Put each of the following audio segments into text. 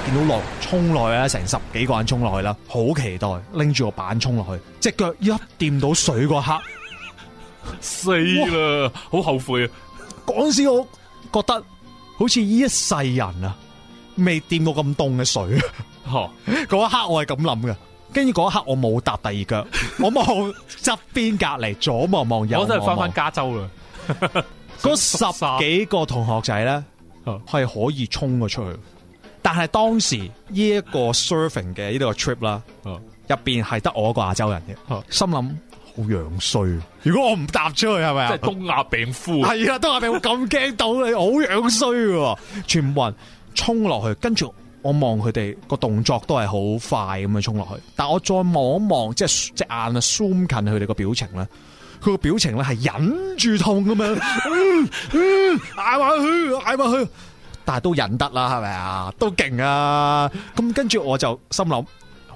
見到落衝落啊，成十幾個人衝落去啦，好期待，拎住個板衝落去，隻腳一掂到水嗰刻，死啦了，好哇後悔啊！嗰時我覺得好似呢一世人啊，未掂過咁凍嘅水啊！嗬，嗰一刻我係咁諗嘅，跟住嗰一刻我冇踏第二腳，我望側邊隔籬左望望右望，我真係翻翻加州啦！嗰十幾個同學仔咧，係、哦、可以衝咗出去。但係當時呢一個 surfing 嘅呢個個 trip 啦，入面係得我一個亞洲人嘅，心諗好樣衰。如果我唔搭出去係咪啊？即係東亞病夫。係啊，東亞病夫咁驚到你，好樣衰喎！全部人衝落去，跟住我望佢哋個動作都係好快咁樣衝落去。但我再望一望，即係隻眼啊，zoom 近佢哋個表情咧，佢個表情咧係忍住痛咁樣，嗯嗯，嗌埋去，嗌埋去。但係都忍得啦，係咪啊？都勁啊！咁跟住我就心諗，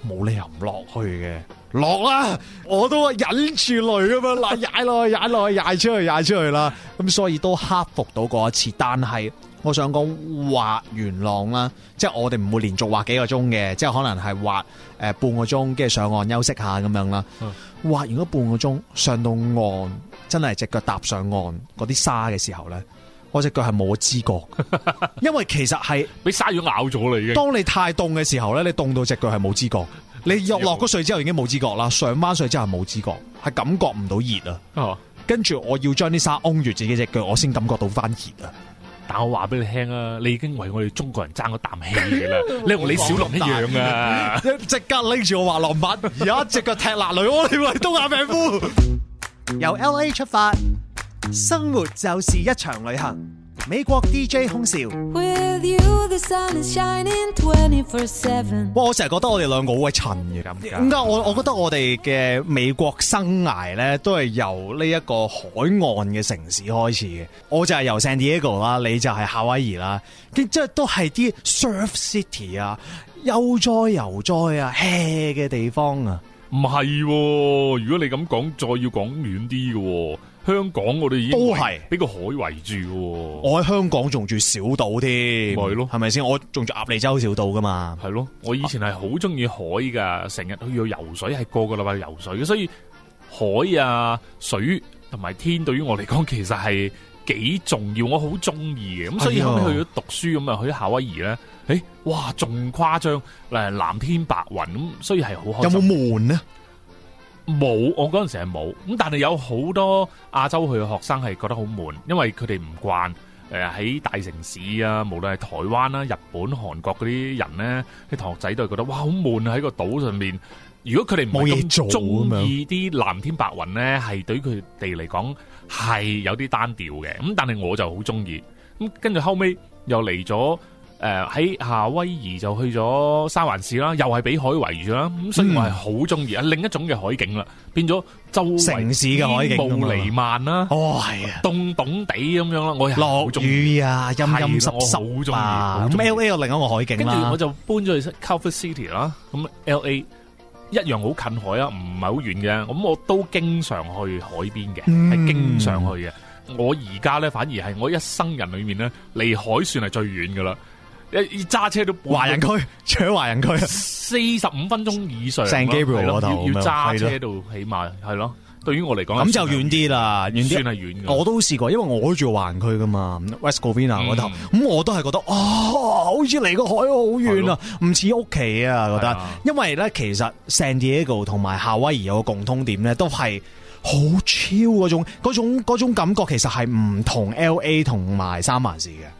冇理由唔落去嘅，落啦，啊！我都忍住淚咁樣啦，踩落去，踩落去，踩出去，踩出去啦！咁所以都克服到嗰一次。但係我想講滑完浪啦，即係我哋唔會連續滑幾個鐘嘅，即係可能係滑誒半個鐘，跟住上岸休息下咁樣啦。滑、嗯、完咗半個鐘，上到岸真係隻腳踏上岸嗰啲沙嘅時候咧。我隻腳係冇知覺，因為其實係俾鯊魚咬咗啦已經。當你太凍嘅時候咧，你凍到隻腳係冇知覺。你入落嗰水之後已經冇知覺啦，上翻水之後冇知覺，係感覺唔到熱啊。跟住、哦、我要將啲沙擁住自己隻腳，我先感覺到翻熱啊。但我話俾你聽啊，你已經為我哋中國人爭咗啖氣啦。你同李小龍一樣啊，即刻拎住我滑浪板，有一隻腳踢爛你，我係東亞病夫。 由 L A 出發。生活就是一場旅行。美國 DJ 空少。With you, the sun is shining 24/7。哇！我成日覺得我哋兩個好鬼襯嘅咁。點解、嗯，我？我覺得我哋嘅美國生涯咧，都係由呢一個海岸嘅城市開始嘅。我就係由 San Diego 啦，你就係夏威夷啦。即係都係啲 Surf City 啊，悠哉悠哉啊，hea 嘅地方啊。唔係、哦，如果你咁講，再要講遠啲嘅。香港我哋已經都係俾個海圍住，我喺香港仲住小島添，係咯，係咪先？我仲住鴨脷洲小島噶嘛？係咯，我以前係好中意海噶，成日都要游水，係個個禮拜游水，所以海啊、水同埋天對於我嚟講其實係幾重要，我好中意嘅。咁所以後尾去咗讀書咁啊，去夏威夷咧，誒、欸，哇，仲誇張！誒，藍天白雲，所以係好開心。有冇悶啊？冇，我嗰陣時係冇咁，但係有好多亞洲去嘅學生係覺得好悶，因為佢哋唔慣誒喺大城市啊，無論係台灣啦、日本、韓國嗰啲人咧，啲同學仔都係覺得哇好悶啊！喺個島上面，如果佢哋冇嘢做，中意啲藍天白雲咧，係對佢哋嚟講係有啲單調嘅。咁但係我就好中意咁，跟住後尾又嚟咗。誒，喺夏威夷就去咗三藩市啦，又係俾海圍住啦，咁所以我係好中意啊，另一種嘅海景啦，變咗周圍城市嘅海景啊，彌漫啦，哦係啊，凍凍地咁樣啦，我落雨啊陰陰濕濕啊，咁 L A 又另一個海景，跟住我就搬咗去 Culver City 啦，咁 L A 一樣好近海啊，唔係好遠嘅，咁我都經常去海邊嘅，係經常去嘅，我而家咧反而係我一生人裏面咧離海算係最遠噶啦。揸車到華人區，搶華人區，四十五分鐘以上。San Gabriel 嗰頭要揸車到，起碼係咯。對於我嚟講，咁就遠啲啦，遠啲。係遠。我都試過，因為我住華人區噶嘛，West Covina 嗰頭。咁、嗯、我都係覺得，哦，好似離個海好遠啊，唔似屋企啊，我覺得了。因為咧，其實 San Diego 同埋夏威夷有個共通點咧，都係好超嗰種嗰種嗰種感覺，其實係唔同 L A 同埋三藩市嘅。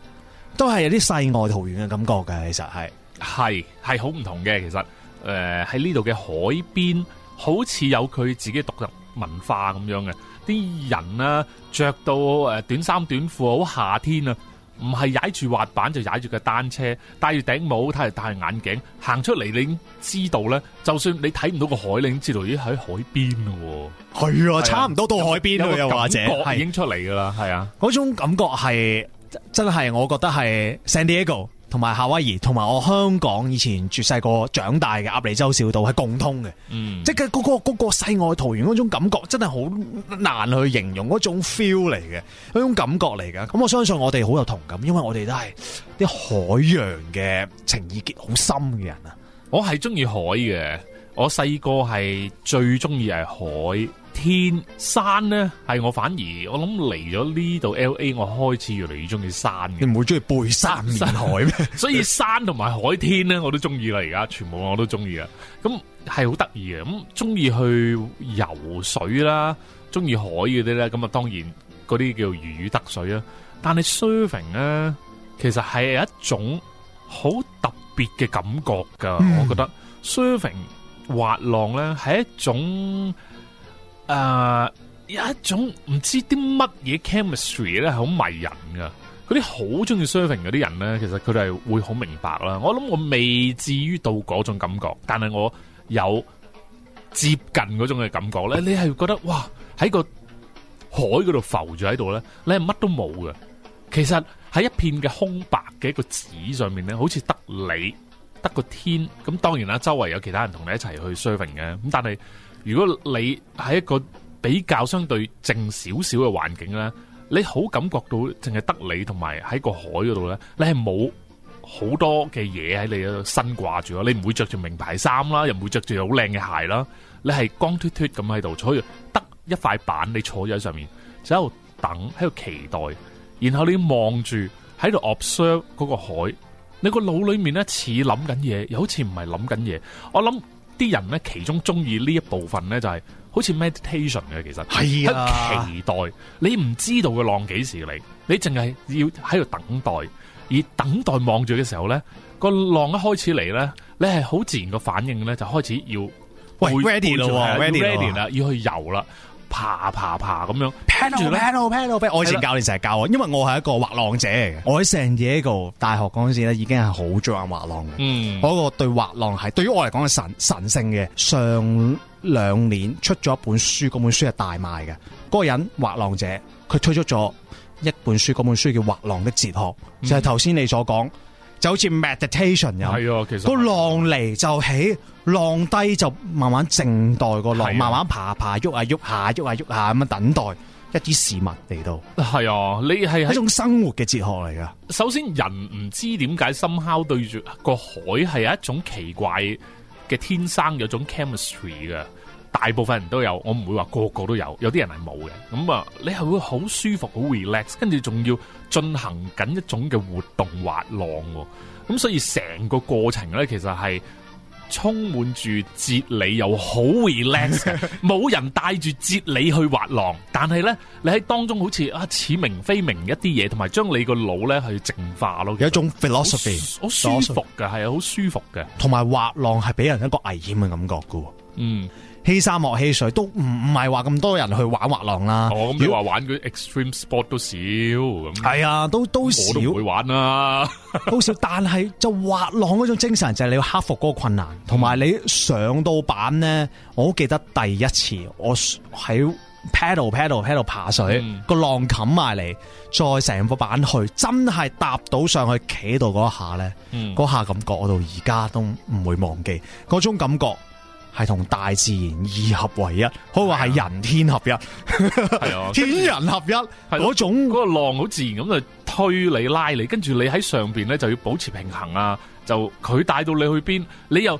都係有啲世外桃源嘅感覺㗎。其實係係係好唔同嘅。其實，誒喺呢度嘅海邊，好似有佢自己獨特文化咁樣嘅。啲人啦，着到誒短衫短褲，好夏天啊！唔係踩住滑板，就踩住個單車，戴住頂帽，睇嚟，戴住眼鏡行出嚟，你知道咧，就算你睇唔到個海，你知道已經喺海邊咯。係啊，啊差唔多到海邊咯，或者已經出嚟噶啦。係是啊，嗰、啊、種感覺係。真係，我覺得係 San Diego 同埋夏威夷，同埋我香港以前住細個長大嘅鴨脷洲小島係共通嘅，嗯、即係嗰個嗰個世外桃源嗰種感覺，真係好難去形容嗰種 feel 嚟嘅，嗰種感覺嚟噶。咁我相信我哋好有同感，因為我哋都係啲海洋嘅情意結好深嘅人啊。我係中意海嘅，我細個係最中意係海。天山咧，係我反而我諗嚟咗呢度 LA，我開始越嚟越中意山嘅。你唔會中意背山面海咩？所以山同埋海天咧，我都中意啦。而家全部我都中意啊。咁係好得意嘅。咁中意去游水啦，中意海嗰啲咧。咁啊，當然嗰啲叫如魚得水啊。但係 surfing 咧，其實係一種好特別嘅感覺噶。我覺得 surfing 滑浪咧係一種。誒，uh，有一種唔知啲乜嘢 chemistry 咧，係好迷人噶。嗰啲好中意 surfing 嗰啲人咧，其實佢哋會好明白啦。我諗我未至於到嗰種感覺，但係我有接近嗰種嘅感覺咧。你係覺得哇，喺個海嗰度浮住喺度咧，你係乜都冇噶。其實喺一片嘅空白嘅一個紙上面咧，好似得你得個天。咁當然啦，周圍有其他人同你一齊去 surfing 嘅。咁但係。如果你喺一個比較相對靜少少嘅環境咧，你好感覺到淨係得你同埋喺個海嗰度咧，你係冇好多嘅嘢，喺你嘅身掛住咯，你唔會着住名牌衫啦，又唔會着住好靚嘅鞋啦，你係光脫脫咁喺度，坐住，得一塊板你坐咗喺上面，就喺度等，喺度期待，然後你望住喺度 observe 嗰個海，你個腦裏面咧似諗緊嘢，又好似唔係諗緊嘢，我諗。啲人咧，其中中意呢一部分咧，就係好似 meditation 嘅。其實係啊，期待你唔知道個浪幾時嚟，你淨係要喺度等待，而等待望住嘅時候咧，個浪一開始嚟咧，你係好自然嘅反應咧，就開始要喂，ready 咯 ready 啦，要去遊啦。爬爬爬咁樣，panel panel Pan Pan Pan 我以前教練成日教我，對了 因為我係一個滑浪者嚟嘅。我喺成嘢度大學嗰陣時咧，已經係好鍾意滑浪嘅。嗯，嗰個對滑浪係對於我嚟講係神神聖嘅。上兩年出咗一本書，嗰本書係大賣嘅。嗰、那個人滑浪者，佢推出咗一本書，嗰本書叫《滑浪的哲學》，就係頭先你所講。就好似 meditation 咁，係啊，其實個浪嚟就起，浪低就慢慢靜待個浪，的慢慢爬爬，喐啊喐下，喐啊喐下咁樣等待一啲事物嚟到。係啊，你係係一種生活嘅哲學嚟噶。首先，人唔知點解 somehow 對住個海係有一種奇怪嘅天生有種 chemistry 嘅。大部分人都有，我唔會話個個都有，有啲人係冇嘅。咁、嗯、啊，你係會好舒服，好 relax，跟住仲要進行緊一種嘅活動滑浪。咁、嗯、所以成個過程咧，其實係充滿住哲理，又好 relax，冇人帶住哲理去滑浪，但係咧，你喺當中好似啊似明非明一啲嘢，同埋將你個腦咧去淨化咯。有一種 philosophy，好舒服嘅，係好 philosophy. 舒服嘅。同埋滑浪係俾人一個危險嘅感覺喎。嗯，欺山莫欺水都唔唔係話咁多人去玩滑浪啦。哦，如果話要玩嗰 extreme sport 都少，咁係啊，都都少，都唔會玩啦、啊，好少。但係就滑浪嗰種精神就係你要克服嗰個困難，同埋、嗯、你上到板咧，我好記得第一次我喺 paddle paddle paddle 爬水，嗯、個浪冚埋嚟，再成個板去，真係搭到上去企度嗰一下咧，嗰、嗯、下感覺我到而家都唔會忘記，嗰種感覺。係同大自然二合為一，可話係人天合一，係啊的， 天人合一嗰的種，嗰的個浪好自然咁就推你拉你，跟住你喺上邊咧就要保持平衡啊，就佢帶到你去邊，你又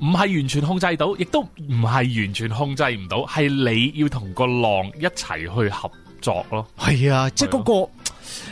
唔係完全控制到，亦都唔係完全控制唔到，係你要同個浪一齊去合作咯。係啊的，即係嗰個的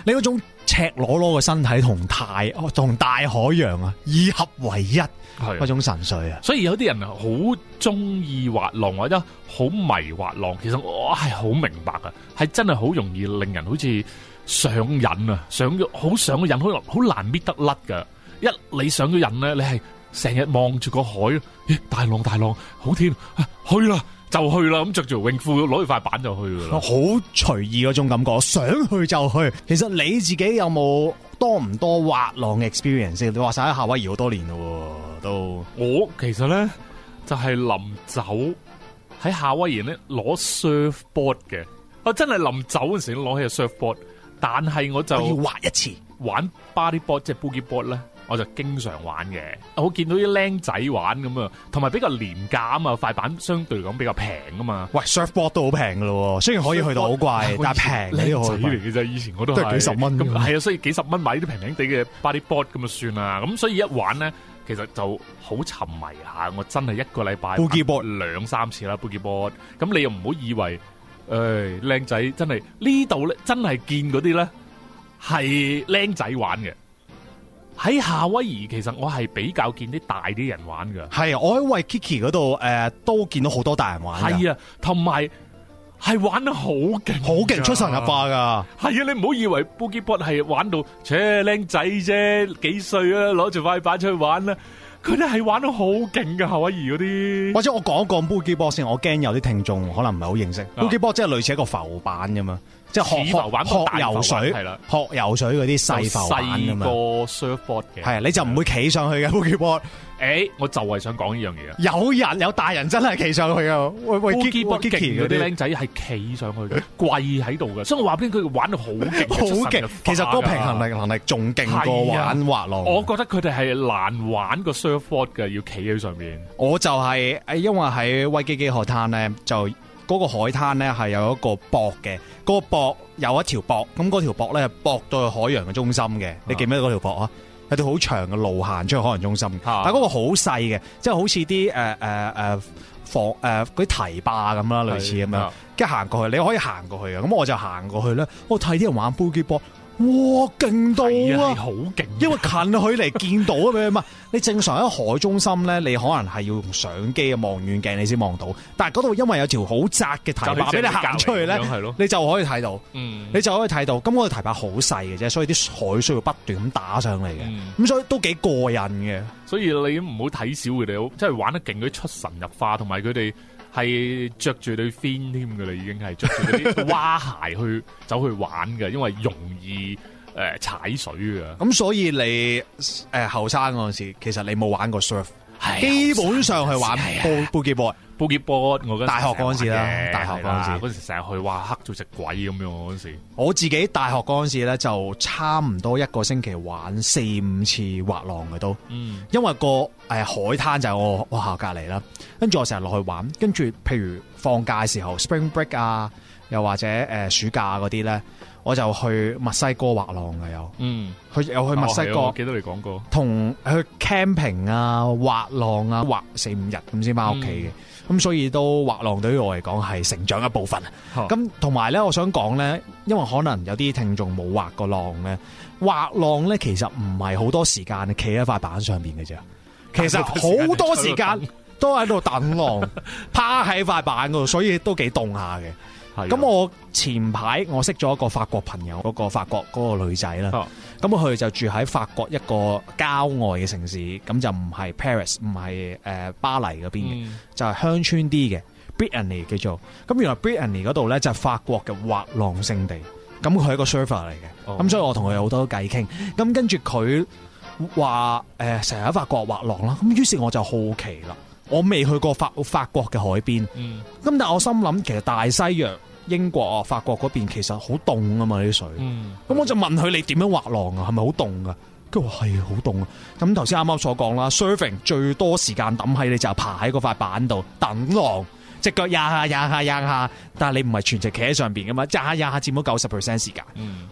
你嗰種。赤裸裸嘅身體同太哦，同大海洋啊，以合為一，係嗰種神髓啊。所以有啲人好中意滑浪或者好迷滑浪，其實我係好明白噶，係真係好容易令人好似上癮啊，上好上咗癮，好難好難搣得甩噶。一你上咗癮咧，你係成日望住個海，咦、哎、大浪大浪，好天、啊、去啦。就去啦，咁着住泳褲攞住塊板就去噶啦，好隨意嗰種感覺，想去就去。其實你自己有冇多唔多滑浪嘅 experience？你話晒喺夏威夷好多年咯，都我其實咧就係臨走喺夏威夷咧攞 surfboard 嘅，我真係臨走嗰時都攞起個 surfboard，但係我就我要滑一次玩 body board 即係 boogie board 咧。我就經常玩嘅，我見到啲靚仔玩咁啊，同埋比較廉價啊嘛，塊板相對嚟講比較平啊嘛。喂，surf board 都好平噶咯喎，雖然可以去到好貴，Surf board 但係平你靚仔嚟嘅啫？以前我都都係幾十蚊，係啊，所以幾十蚊買啲平平地嘅 body board 咁就算啦。咁所以一玩咧，其實就好沉迷一下。我真係一個禮拜，body board 兩三次啦，body board。咁你又唔好以為，唉，靚仔真係呢度咧，真係見嗰啲咧係靚仔玩嘅。喺夏威夷其實我係比較見啲大啲人玩㗎。係，我喺 Waikiki 嗰度誒、呃、都見到好多大人玩。係啊，同埋係玩得好勁，好勁，出神入化㗎。係啊，你唔好以為 Boogie Board 係玩到，車靚仔啫，幾歲啊？攞住塊板出去玩啦，佢哋係玩得好勁㗎。夏威夷嗰啲。或者我講一講 Boogie Board 先，我驚有啲聽眾可能唔係好認識。Boogie Board 真即係類似一個浮板㗎嘛。即係學學玩學游水，係啦，學游水嗰啲細浮板咁啊。係啊，你就唔會企上去嘅。boogie board 誒，我就係想講呢樣嘢。有人有大人真係企上去啊！喂喂，波擊波勁嗰啲僆仔係企上去，跪喺度嘅。所以話俾你聽，佢玩到好勁，好勁。其實嗰個平衡力能力仲勁過玩滑浪。我覺得佢哋係難玩過 surfboard 嘅，要企喺上面，我就係誒，因為喺威基基河灘咧就。嗰個海灘咧係有一個博嘅，嗰、嗰個博有一條博，咁嗰條博咧係博到去海洋嘅中心嘅。你記唔記得嗰條博是啊？係條好長嘅路行出去海洋中心，是啊，但嗰個好細嘅，即係好似啲誒誒誒防誒啲堤壩咁啦，類似咁樣。跟住行過去，你可以行過去嘅，咁我就行過去啦，我睇啲人玩 boogie board。哇，勁到啊！好勁，因為近佢嚟見到啊嘛。 你正常喺海中心咧，你可能係要用相機嘅望遠鏡你先望到。但係嗰度因為有一條好窄嘅堤俾你行出去咧，你就可以睇到。嗯，你就可以睇到。咁、那、嗰個堤壩好細嘅啫，所以啲海需要不斷咁打上嚟嘅。咁、嗯、所以都幾過癮嘅。所以你唔好睇小佢哋，即係玩得勁，佢出神入化，同埋佢哋。係着住對 fin 添噶啦，已經係着住啲蛙鞋去走去玩嘅，因為容易踩水啊。咁 所以你誒後生嗰陣時，其實你冇玩過 surf。是對基本上係玩布布杰波，布杰波。Board, 我覺得大學嗰陣時啦，大學嗰陣時，啦時成日的去話黑做隻鬼咁樣。我嗰時，我自己大學嗰陣時咧就差唔多一個星期玩四五次滑浪嘅都。嗯，因為個誒海灘就係我學校隔籬啦，跟住我成日落去玩。跟住，譬如放假嘅時候 spring break 啊，又或者誒、呃、暑假嗰啲咧。我就去墨西哥滑浪啊！有，嗯，去又去墨西哥，哦、我記得你講過，同去 camping 啊，滑浪啊，滑四五日咁先翻屋企嘅。咁、嗯、所以都滑浪對於我嚟講係成長一部分。咁同埋咧，我想講咧，因為可能有啲聽眾冇滑過浪咧，滑浪咧其實唔係好多時間企喺塊板上邊嘅啫，其實好多時間都喺度等浪， 趴喺塊板度，所以都幾凍下嘅。咁我前排我識咗一個法國朋友，嗰個法國嗰個女仔啦。咁佢、哦、就住喺法國一個郊外嘅城市，咁就唔係 Paris，唔係誒巴黎嗰邊嘅，嗯、就係鄉村啲嘅 Brittany 叫做。咁原來 Brittany 嗰度咧就係法國嘅滑浪聖地。咁佢係一個 surfer 嚟嘅，咁、哦、所以我同佢有好多偈傾。咁跟住佢話誒成日喺法國滑浪啦，咁於是我就好奇啦。我未去過法法國嘅海邊，咁、嗯、但係我心諗，其實大西洋、英國啊、法國嗰邊其實好凍啊嘛呢啲水，咁、嗯、我就問佢你點樣滑浪啊？係咪好凍啊？佢話係好凍啊！咁頭先啱啱所講啦，surfing 最多時間抌喺你就爬喺個塊板度等浪。隻腳壓下壓下壓下，但係你唔係全程企喺上面嘅嘛？呀下壓下佔咗九十 percent 時間。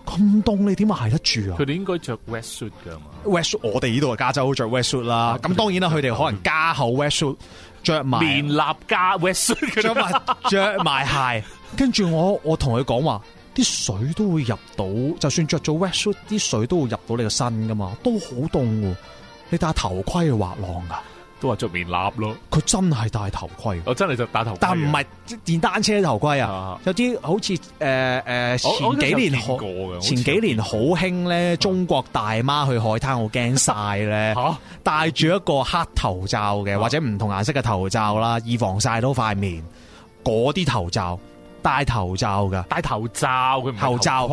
咁凍、嗯、你點解捱得住啊？佢哋應該着 wet suit 㗎嘛？wet suit 我哋呢度啊，加州着 wet suit 啦。咁當然啦，佢哋可能加厚 wet suit，着埋棉立加 wet suit，着埋埋鞋。跟住我我同佢講話，啲水都會入到，就算着咗 wet suit，啲水都會入到你個身㗎嘛，都好凍。你戴頭盔去滑浪啊？都話着棉笠咯，佢真係戴頭盔。我真係就戴頭盔，但唔係電單車頭盔啊。有啲好似誒誒，前幾年好前幾年好興咧，中國大媽去海灘，我驚晒咧，戴住一個黑頭罩嘅，或者唔同顏色嘅頭罩啦，以防晒到塊面嗰啲頭罩。戴頭罩噶戴頭罩，佢頭罩，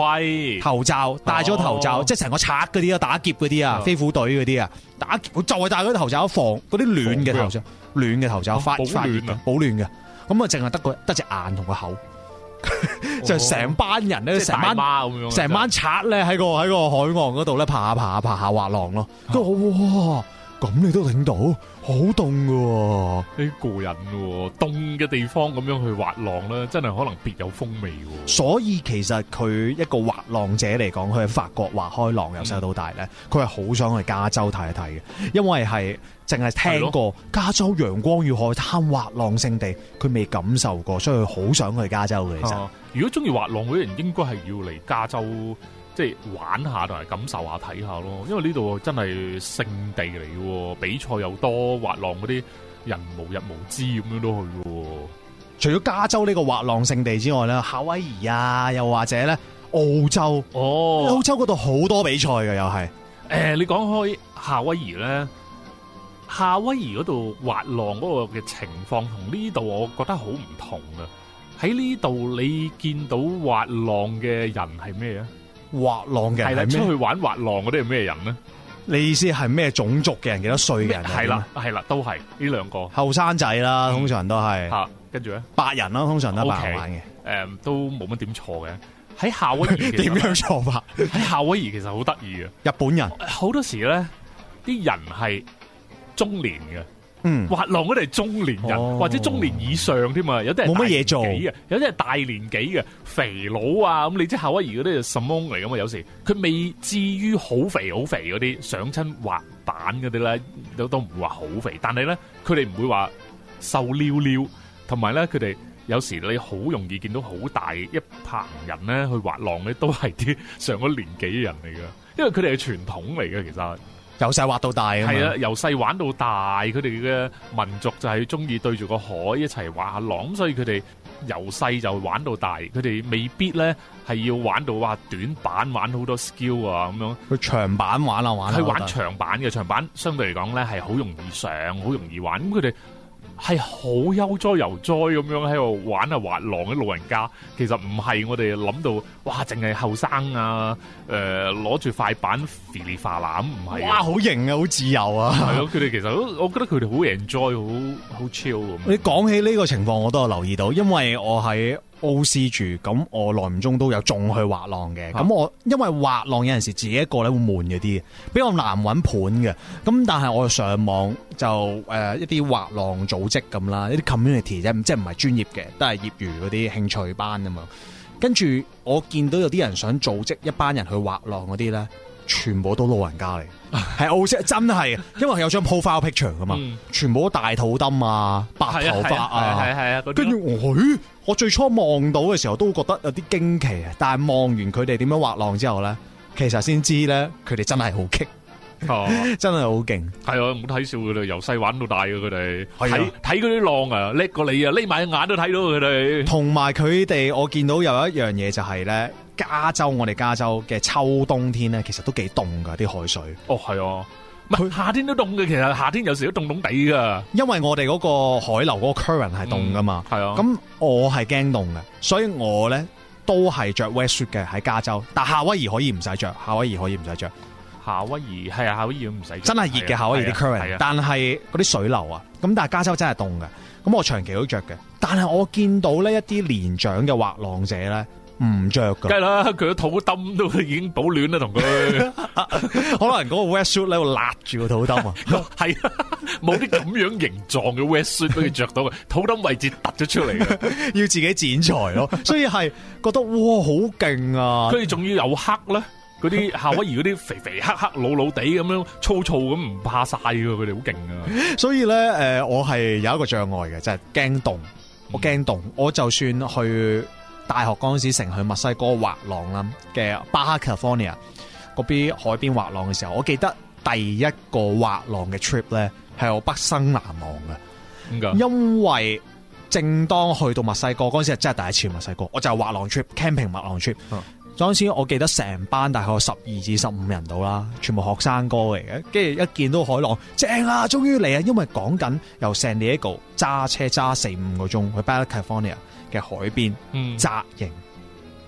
頭罩，戴咗頭罩，即係成個賊嗰啲咯，打劫嗰啲啊，飛虎隊嗰啲啊，打，就係戴咗頭罩防嗰啲暖嘅頭罩，暖嘅頭罩發發熱嘅，保暖嘅，咁啊淨係得個，得隻眼同個口，就成班人咧，成班，成班賊咧喺個喺個海岸嗰度咧爬下爬下爬下滑浪咯，都咁你都聽到，好凍噶，你個人喎。凍嘅地方咁樣去滑浪咧，真係可能別有風味。所以其實佢一個滑浪者嚟講，佢喺法國滑開浪，由細到大咧，佢係好想去加州睇一睇嘅，因為係淨係聽過加州陽光與海灘滑浪勝地，佢未感受過，所以佢好想去加州嘅。其實如果中意滑浪嗰啲人，應該係要嚟加州。即係玩下同埋感受下睇下咯，因為呢度真係聖地嚟嘅，比賽又多，滑浪嗰啲人無日無之咁樣都去嘅。除咗加州呢個滑浪聖地之外咧，夏威夷啊，又或者咧，澳洲，澳洲、哦、澳洲嗰度好多比賽嘅又係。誒、欸，你講開夏威夷咧，夏威夷嗰度滑浪嗰個嘅情況同呢度我覺得好唔同啊。喺呢度你見到滑浪嘅人係咩啊？滑浪嘅係啦，出去玩滑浪嗰啲係咩人咧？你意思係咩種族嘅人？幾多歲嘅人？係啦，係啦，都係呢兩個後生仔啦，通常都係。吓、嗯，跟住咧白人啦，通常都係白人玩嘅。誒、okay，嗯，都冇乜點錯嘅。喺夏威夷點樣錯法？喺夏威夷其實好得意嘅。 很日本人好多時咧，啲人係中年嘅。嗯、滑浪嗰啲係中年人，哦，或者中年以上添啊，有啲人冇乜嘢做嘅，有啲係大年紀嘅肥佬啊，咁你知夏威夷嗰啲就什翁嚟噶嘛？有時佢未至於好肥好肥嗰啲，上親滑板嗰啲咧都都唔會話好肥，但係咧佢哋唔會話瘦溜溜，同埋咧佢哋有時你好容易見到好大一棚人咧去滑浪咧都係啲上咗年紀嘅人嚟噶，因為佢哋係傳統嚟嘅，其實。由細滑到大係啊，由細玩到大，佢哋嘅民族就係中意對住個海一齊玩下浪，所以佢哋由細就玩到大，佢哋未必咧係要玩到話短板玩好多 skill 啊咁樣。佢長板玩啊玩，佢玩長板嘅長板相對嚟講咧係好容易上，好容易玩，咁佢哋。係好悠哉悠哉咁樣喺度玩啊滑浪嘅老人家，其實唔係我哋諗到，哇，淨係後生啊，誒、呃，攞住塊板飛利花籃唔係，哇，好型啊，好自由啊，係咯，佢哋其實，我覺得佢哋好 enjoy，好好 chill 咁。你講起呢個情況，我都有留意到，因為我喺。OC 住，咁我耐唔中都有仲去滑浪嘅。咁我因為滑浪有陣時自己一個咧，會悶嘅啲，比較難揾伴嘅。咁但係我上網就誒、呃、一啲滑浪組織咁啦，一啲 community 啫，即係唔係專業嘅，都係業餘嗰啲興趣班啊嘛。跟住我見到有啲人想組織一班人去滑浪嗰啲咧。全部都老人家嚟，係澳式真係，因為有張 profile picture 噶嘛，嗯、全部都大肚墩啊，白頭髮啊，係係啊，跟住我，我最初望到嘅時候都覺得有啲驚奇啊，但係望完佢哋點樣滑浪之後咧，其實先知咧，佢哋真係好激，哦、 真係好勁，係啊，唔好睇笑佢哋，由細玩到大噶佢哋，睇睇嗰啲浪啊叻過你啊，匿埋眼都睇到佢哋，同埋佢哋我見到有一樣嘢就係、是、咧。加州，我哋加州嘅秋冬天咧，其實都幾凍噶啲海水。哦，係啊，佢夏天都凍嘅。其實夏天有時都凍凍地噶，因為我哋嗰個海流嗰個 current 係凍噶嘛。係、嗯、啊，咁我係驚凍嘅，所以我咧都係着 wet suit 嘅喺加州。但夏威夷可以唔使着，夏威夷可以唔使着。夏威夷係啊，夏威夷唔使，真係熱嘅夏威夷啲 current，、啊啊、但係嗰啲水流啊。咁但係加州真係凍嘅，咁我長期都着嘅。但係我見到呢一啲年長嘅滑浪者咧。唔着噶，梗係啦。佢個肚兜都已經保暖啦，同佢 可能嗰個 wetsuit 喺度揦住個肚兜啊。係冇啲咁樣形狀嘅 wetsuit 都要着到嘅，肚兜位置凸咗出嚟， 要自己剪裁咯。所以係覺得哇，好勁啊！佢哋仲要有黑咧，嗰啲夏威夷嗰啲肥肥黑黑，黑老老地咁樣粗粗咁，唔怕晒，佢哋好勁啊。所以咧，誒、呃，我係有一個障礙嘅，就係驚凍。我驚凍，我就算去。大學嗰陣時，成去墨西哥滑浪啦，嘅 Baja California 嗰啲海邊滑浪嘅時候，我記得第一個滑浪嘅 trip 咧係我畢生難忘嘅。點解謝？因為正當去到墨西哥嗰陣時，真係第一次墨西哥，我就係滑浪 trip camping 滑浪 trip。嗰、嗯、陣時，我記得成班大學十二至十五人到啦，全部學生哥嚟嘅，跟住一見到海浪正啊，終於嚟啊！因為講緊由 San Diego 揸車揸四五個鐘去 Baja California。嘅海邊紮營，嗯、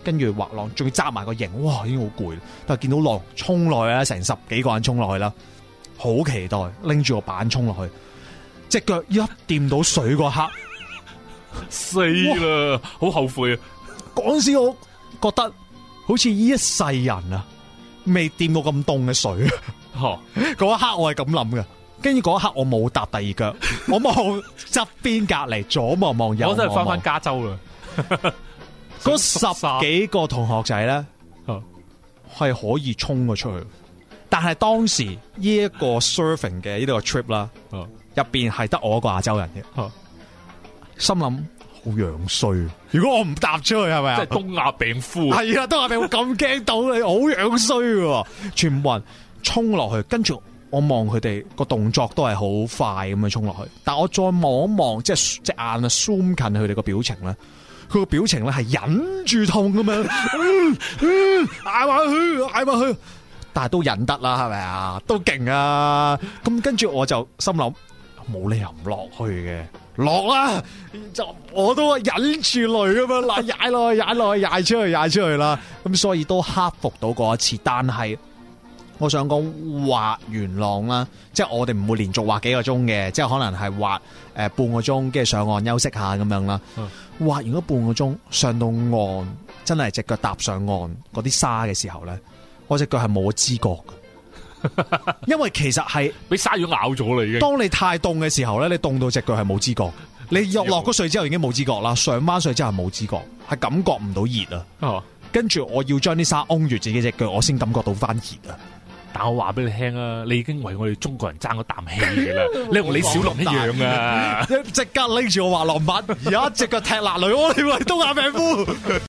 跟住滑浪，仲要紮埋個營，哇！已經好攰。但係見到浪沖落去啦，成十幾個人沖落去啦，好期待，拎住個板沖落去，隻腳一掂到水個刻，死啦了！好哇後悔啊！嗰陣時我覺得好似呢一世人啊，未掂過咁凍嘅水，吓、哦！嗰 一刻我係咁諗嘅。跟住嗰一刻我，我冇搭第二腳，我望側邊隔籬，左望望右望，我真係返返加州啦。嗰十幾個同學仔咧，係 可以衝咗出去，但係當時呢一個 surfing 嘅呢個 trip 啦，入邊係得我一個亞洲人嘅，心諗好樣衰。如果我唔搭出去，係咪啊？即係東亞病夫係啊，東亞病夫咁驚到你，好樣衰。全部人衝落去，跟住。我望佢哋個動作都係好快咁樣衝落去，但我再望一望，即係隻眼啊 zoom 近佢哋個表情呢，佢個表情咧，係忍住痛咁樣，嗯嗯、 呃，嗌、呃、埋去，嗌埋去，但係都忍得啦，係咪啊？都勁啊！咁跟住我就心諗，冇理由唔落去嘅，落啦、啊，就我都忍住淚咁樣，啦踩落去，踩落去，踩出去，踩出去啦，咁所以都克服到過一次，但係。我想講滑完浪啦，即係我哋唔會連續滑幾個鐘嘅，即係可能係滑誒半個鐘，跟住上岸休息下咁樣啦。滑、嗯、完咗半個鐘，上到岸真係隻腳踏上岸嗰啲沙嘅時候咧，我隻腳係冇知覺 因為其實係俾鯊魚咬咗啦。已經當你太凍嘅時候咧，你凍到隻腳係冇知覺，你入落個水之後已經冇知覺啦，上翻水之後係冇知覺，係感覺唔到熱啊。哦、跟住我要將啲沙擁住自己隻腳，我先感覺到翻熱啊。但我話俾你聽啊，你已經為我哋中國人爭咗啖氣啦！ 你同李小龍一樣啊，即刻拎住我滑浪板，而家一隻腳踢辣女，我哋為東亞病夫。